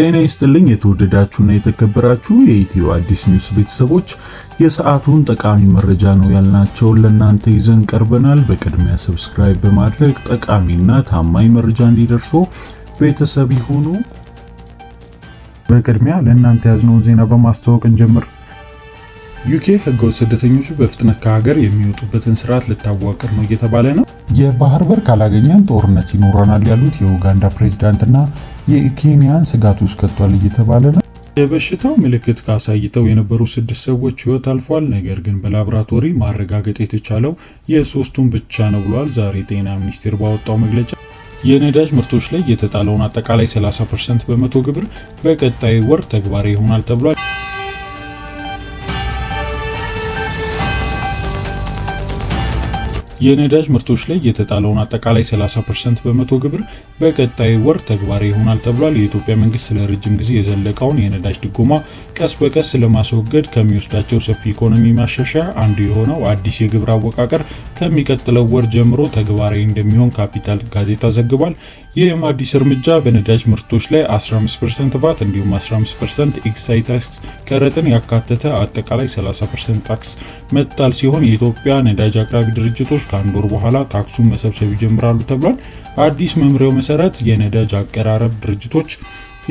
ጤና ይስጥልኝ የተወደዳችሁና የተከበራችሁ የኢትዮ አዲስ ኒውስ ቤተሰቦች፣ የሰዓቱን ጠቃሚ መረጃ ነው ያልናቸውን ለእናንተ ይዘን ቀርበናል። በቅድሚያ ሰብስክራይብ በማድረግ ጠቃሚና ታማኝ መረጃ እንዲደርሶ ቤተሰብ ይሁኑ። በቅድሚያ ለእናንተ ያዝነውን ዜና በማስተዋወቅ እንጀምር። ዩኬ ህገወጥ ስደተኞቹ በፍጥነት ከሀገር የሚወጡበትን ስርዓት ልታዋቅር ነው እየተባለ ነው። የባህር በር ካላገኘን ጦርነት ይኖረናል ያሉት የኡጋንዳ ፕሬዝዳንትና የኬንያን ስጋት ውስጥ ከቷል እየተባለ ነው። የበሽታው ምልክት ካሳይተው የነበሩ ስድስት ሰዎች ህይወት አልፏል። ነገር ግን በላቦራቶሪ ማረጋገጥ የተቻለው የሶስቱን ብቻ ነው ብሏል። ዛሬ ጤና ሚኒስቴር ባወጣው መግለጫ የነዳጅ ምርቶች ላይ የተጣለውን አጠቃላይ 30 ፐርሰንት በመቶ ግብር በቀጣይ ወር ተግባራዊ ይሆናል ተብሏል። የነዳጅ ምርቶች ላይ የተጣለውን አጠቃላይ 30 በመቶ ግብር በቀጣይ ወር ተግባራዊ ይሆናል ተብሏል። የኢትዮጵያ መንግስት ለረጅም ጊዜ የዘለቀውን የነዳጅ ድጎማ ቀስ በቀስ ለማስወገድ ከሚወስዳቸው ሰፊ ኢኮኖሚ ማሻሻያ አንዱ የሆነው አዲስ የግብር አወቃቀር ከሚቀጥለው ወር ጀምሮ ተግባራዊ እንደሚሆን ካፒታል ጋዜጣ ዘግቧል። ይህም አዲስ እርምጃ በነዳጅ ምርቶች ላይ 15% ቫት እንዲሁም 15% ኤክሳይ ታክስ ቀረጥን ያካተተ አጠቃላይ 30% ታክስ መጣል ሲሆን የኢትዮጵያ ነዳጅ አቅራቢ ድርጅቶች ከአንድ ወር በኋላ ታክሱን መሰብሰብ ይጀምራሉ ተብሏል። አዲስ መምሪያው መሰረት የነዳጅ አቀራረብ ድርጅቶች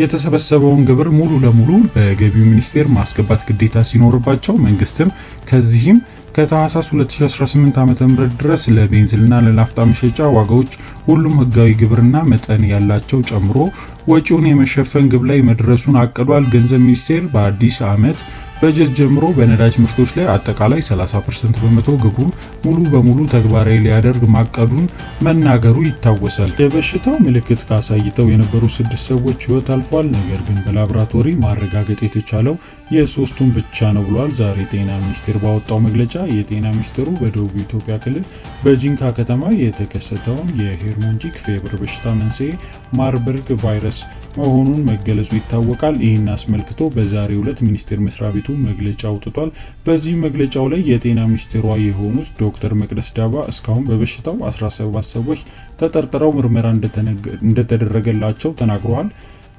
የተሰበሰበውን ግብር ሙሉ ለሙሉ በገቢው ሚኒስቴር ማስገባት ግዴታ ሲኖርባቸው መንግስትም ከዚህም ከታህሳስ 2018 ዓ.ም ድረስ ለቤንዚልና ለናፍጣ መሸጫ ዋጋዎች ሁሉም ህጋዊ ግብርና መጠን ያላቸው ጨምሮ ወጪውን የመሸፈን ግብ ላይ መድረሱን አቅዷል። ገንዘብ ሚኒስቴር በአዲስ ዓመት በጀት ጀምሮ በነዳጅ ምርቶች ላይ አጠቃላይ 30% በመቶ ግቡን ሙሉ በሙሉ ተግባራዊ ሊያደርግ ማቀዱን መናገሩ ይታወሳል። የበሽታው ምልክት ካሳይተው የነበሩ ስድስት ሰዎች ሕይወት አልፏል። ነገር ግን በላብራቶሪ ማረጋገጥ የተቻለው የሶስቱን ብቻ ነው ብሏል። ዛሬ ጤና ሚኒስቴር ባወጣው መግለጫ የጤና ሚኒስቴሩ በደቡብ ኢትዮጵያ ክልል በጂንካ ከተማ የተከሰተውን የሄርሞንጂክ ፌብር በሽታ መንስኤ ማርበርግ ቫይረስ ቅርስ መሆኑን መገለጹ ይታወቃል። ይህን አስመልክቶ በዛሬው ዕለት ሚኒስቴር መስሪያ ቤቱ መግለጫ አውጥቷል። በዚህ መግለጫው ላይ የጤና ሚኒስቴሯ የሆኑት ዶክተር መቅደስ ዳባ እስካሁን በበሽታው 17 ሰዎች ተጠርጥረው ምርመራ እንደተደረገላቸው ተናግረዋል።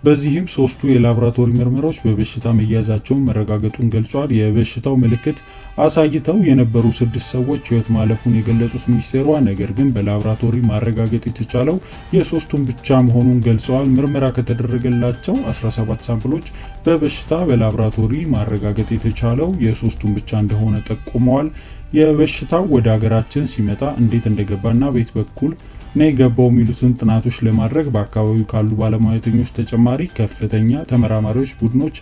በዚህም ሶስቱ የላብራቶሪ ምርመራዎች በበሽታ መያዛቸውን መረጋገጡን ገልጿል። የበሽታው ምልክት አሳይተው የነበሩ ስድስት ሰዎች ሕይወት ማለፉን የገለጹት ሚኒስቴሯ፣ ነገር ግን በላብራቶሪ ማረጋገጥ የተቻለው የሶስቱን ብቻ መሆኑን ገልጸዋል። ምርመራ ከተደረገላቸው 17 ሳምፕሎች በበሽታ በላብራቶሪ ማረጋገጥ የተቻለው የሶስቱን ብቻ እንደሆነ ጠቁመዋል። የበሽታው ወደ ሀገራችን ሲመጣ እንዴት እንደገባና ቤት በኩል እና የገባው የሚሉትን ጥናቶች ለማድረግ በአካባቢው ካሉ ባለሙያተኞች ተጨማሪ ከፍተኛ ተመራማሪዎች ቡድኖች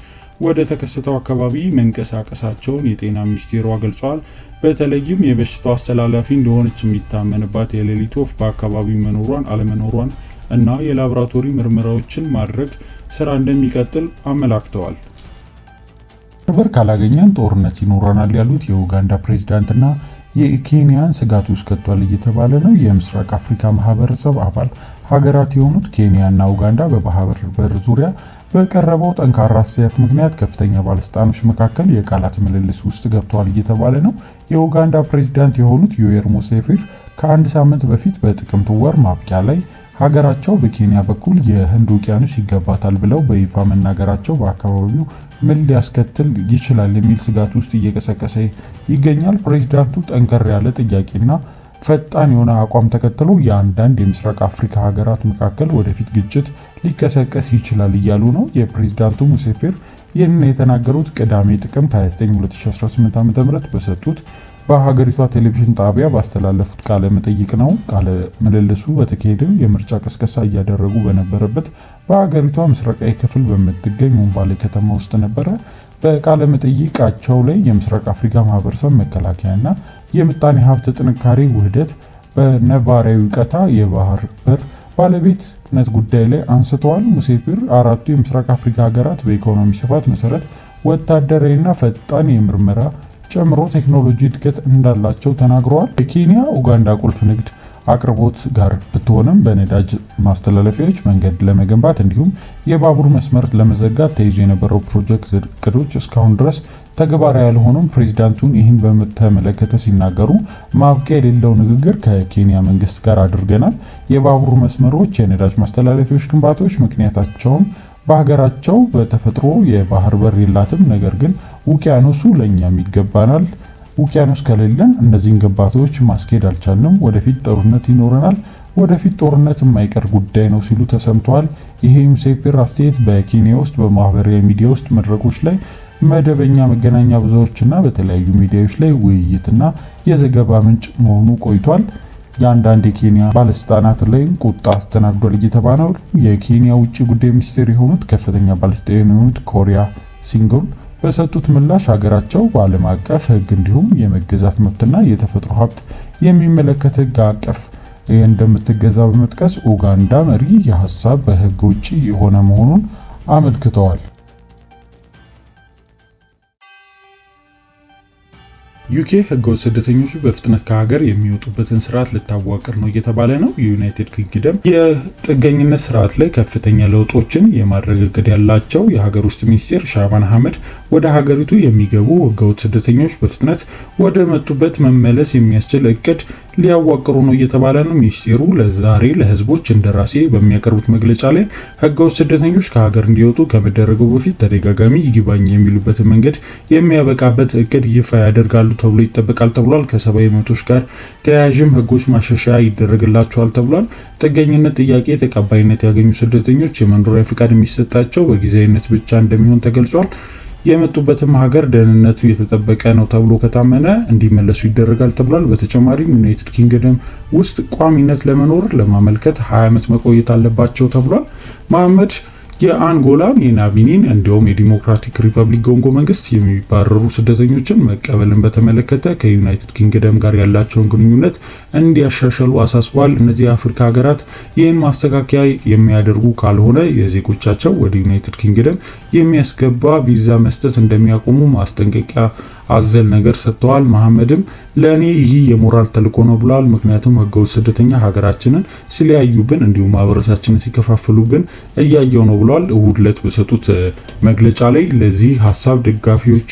ወደ ተከሰተው አካባቢ መንቀሳቀሳቸውን የጤና ሚኒስቴሯ ገልጿል። በተለይም የበሽታው አስተላላፊ እንደሆነች የሚታመንባት የሌሊት ወፍ በአካባቢው መኖሯን አለመኖሯን እና የላብራቶሪ ምርመራዎችን ማድረግ ስራ እንደሚቀጥል አመላክተዋል። እርበር ካላገኘን ጦርነት ይኖረናል ያሉት የኡጋንዳ ፕሬዝዳንትና የኬንያን ስጋት ውስጥ ከቷል እየተባለ ነው። የምስራቅ አፍሪካ ማህበረሰብ አባል ሀገራት የሆኑት ኬንያና ኡጋንዳ በባህር በር ዙሪያ በቀረበው ጠንካራ አስተያየት ምክንያት ከፍተኛ ባለስልጣኖች መካከል የቃላት ምልልስ ውስጥ ገብተዋል እየተባለ ነው። የኡጋንዳ ፕሬዚዳንት የሆኑት ዩዌሪ ሙሴቬኒ ከአንድ ሳምንት በፊት በጥቅምት ወር ማብቂያ ላይ ሀገራቸው በኬንያ በኩል የህንድ ውቅያኖስ ይገባታል ብለው በይፋ መናገራቸው በአካባቢው ምን ሊያስከትል ይችላል የሚል ስጋት ውስጥ እየቀሰቀሰ ይገኛል። ፕሬዚዳንቱ ጠንከር ያለ ጥያቄና ፈጣን የሆነ አቋም ተከትሎ የአንዳንድ የምስራቅ አፍሪካ ሀገራት መካከል ወደፊት ግጭት ሊቀሰቀስ ይችላል እያሉ ነው። የፕሬዚዳንቱ ሙሴፌር ይህንን የተናገሩት ቅዳሜ ጥቅምት 29 2018 ዓ.ም በሰጡት በሀገሪቷ ቴሌቪዥን ጣቢያ ባስተላለፉት ቃለ መጠይቅ ነው። ቃለ ምልልሱ በተካሄደው የምርጫ ቀስቀሳ እያደረጉ በነበረበት በሀገሪቷ ምስራቃዊ ክፍል በምትገኝ ሞምባሌ ከተማ ውስጥ ነበረ። በቃለ መጠይቃቸው ላይ የምስራቅ አፍሪካ ማህበረሰብ መከላከያና የምጣኔ ሀብት ጥንካሬ ውህደት በነባራዊ ቀታ የባህር በር ባለቤትነት ጉዳይ ላይ አንስተዋል። ሙሴፒር አራቱ የምስራቅ አፍሪካ ሀገራት በኢኮኖሚ ስፋት መሰረት ወታደራዊና ፈጣን የምርመራ ጨምሮ ቴክኖሎጂ እድገት እንዳላቸው ተናግረዋል። የኬንያ ኡጋንዳ ቁልፍ ንግድ አቅርቦት ጋር ብትሆንም በነዳጅ ማስተላለፊያዎች መንገድ ለመገንባት እንዲሁም የባቡር መስመር ለመዘጋት ተይዞ የነበረው ፕሮጀክት እቅዶች እስካሁን ድረስ ተግባራዊ ያልሆኑም ፕሬዚዳንቱን ይህን በተመለከተ ሲናገሩ ማብቂያ የሌለው ንግግር ከኬንያ መንግስት ጋር አድርገናል። የባቡር መስመሮች፣ የነዳጅ ማስተላለፊያዎች ግንባታዎች ምክንያታቸውም በሀገራቸው በተፈጥሮ የባህር በር የላትም። ነገር ግን ውቅያኖሱ ለእኛም ይገባናል። ውቅያኖስ ከሌለን እነዚህን ግንባታዎች ማስኬድ አልቻልንም። ወደፊት ጦርነት ይኖረናል። ወደፊት ጦርነት የማይቀር ጉዳይ ነው ሲሉ ተሰምተዋል። ይሄም ሴፔር አስተያየት በኬንያ ውስጥ በማህበራዊ ሚዲያ ውስጥ መድረኮች ላይ መደበኛ መገናኛ ብዙዎችና በተለያዩ ሚዲያዎች ላይ ውይይትና የዘገባ ምንጭ መሆኑ ቆይቷል። የአንዳንድ የኬንያ ባለስልጣናት ላይም ቁጣ አስተናግዷል ነው። የኬንያ ውጭ ጉዳይ ሚኒስቴር የሆኑት ከፍተኛ ባለስልጣን የሆኑት ኮሪያ ሲንጎል በሰጡት ምላሽ ሀገራቸው በዓለም አቀፍ ሕግ እንዲሁም የመገዛት መብትና የተፈጥሮ ሀብት የሚመለከት ሕግ አቀፍ እንደምትገዛ በመጥቀስ ኡጋንዳ መሪ የሀሳብ በሕግ ውጭ የሆነ መሆኑን አመልክተዋል። ዩኬ ህገወጥ ስደተኞቹ በፍጥነት ከሀገር የሚወጡበትን ስርዓት ልታዋቅር ነው እየተባለ ነው። የዩናይትድ ኪንግደም የጥገኝነት ስርዓት ላይ ከፍተኛ ለውጦችን የማድረግ እቅድ ያላቸው የሀገር ውስጥ ሚኒስቴር ሻባን አህመድ ወደ ሀገሪቱ የሚገቡ ህገወጥ ስደተኞች በፍጥነት ወደ መጡበት መመለስ የሚያስችል እቅድ ሊያዋቅሩ ነው እየተባለ ነው። ሚኒስቴሩ ለዛሬ ለህዝቦች እንደራሴ በሚያቀርቡት መግለጫ ላይ ህገወጥ ስደተኞች ከሀገር እንዲወጡ ከመደረጉ በፊት ተደጋጋሚ ይግባኝ የሚሉበትን መንገድ የሚያበቃበት እቅድ ይፋ ያደርጋሉ ተብሎ ይጠበቃል ተብሏል። ከሰብአዊ መብቶች ጋር ተያያዥም ህጎች ማሻሻያ ይደረግላቸዋል ተብሏል። ጥገኝነት ጥያቄ ተቀባይነት ያገኙ ስደተኞች የመኖሪያ ፍቃድ የሚሰጣቸው በጊዜያዊነት ብቻ እንደሚሆን ተገልጿል። የመጡበትም ሀገር ደህንነቱ የተጠበቀ ነው ተብሎ ከታመነ እንዲመለሱ ይደረጋል ተብሏል። በተጨማሪም ዩናይትድ ኪንግደም ውስጥ ቋሚነት ለመኖር ለማመልከት 20 ዓመት መቆየት አለባቸው ተብሏል። መሐመድ የአንጎላን የናቢኒን እንዲሁም የዲሞክራቲክ ሪፐብሊክ ኮንጎ መንግስት የሚባረሩ ስደተኞችን መቀበልን በተመለከተ ከዩናይትድ ኪንግደም ጋር ያላቸውን ግንኙነት እንዲያሻሻሉ አሳስቧል። እነዚህ የአፍሪካ ሀገራት ይህን ማስተካከያ የሚያደርጉ ካልሆነ የዜጎቻቸው ወደ ዩናይትድ ኪንግደም የሚያስገባ ቪዛ መስጠት እንደሚያቆሙ ማስጠንቀቂያ አዘል ነገር ሰጥተዋል። መሐመድም ለእኔ ይህ የሞራል ተልእኮ ነው ብሏል። ምክንያቱም ህገወጥ ስደተኛ ሀገራችንን ሲለያዩብን፣ እንዲሁም ማህበረሰባችንን ሲከፋፍሉብን እያየው ነው ብሏል። እሁድ ዕለት በሰጡት መግለጫ ላይ ለዚህ ሀሳብ ደጋፊዎች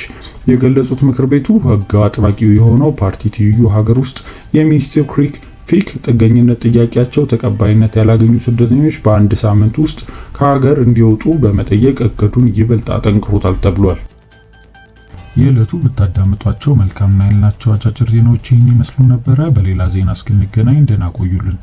የገለጹት ምክር ቤቱ ህግ አጥባቂው የሆነው ፓርቲ ትይዩ ሀገር ውስጥ የሚኒስትር ክሪክ ፊክ ጥገኝነት ጥያቄያቸው ተቀባይነት ያላገኙ ስደተኞች በአንድ ሳምንት ውስጥ ከሀገር እንዲወጡ በመጠየቅ እቅዱን ይበልጥ አጠንክሮታል ተብሏል። የዕለቱ ብታዳምጧቸው መልካም ናይልናቸው አጫጭር ዜናዎች ይህን ይመስሉ ነበረ። በሌላ ዜና እስክንገናኝ ደህና ቆዩልን።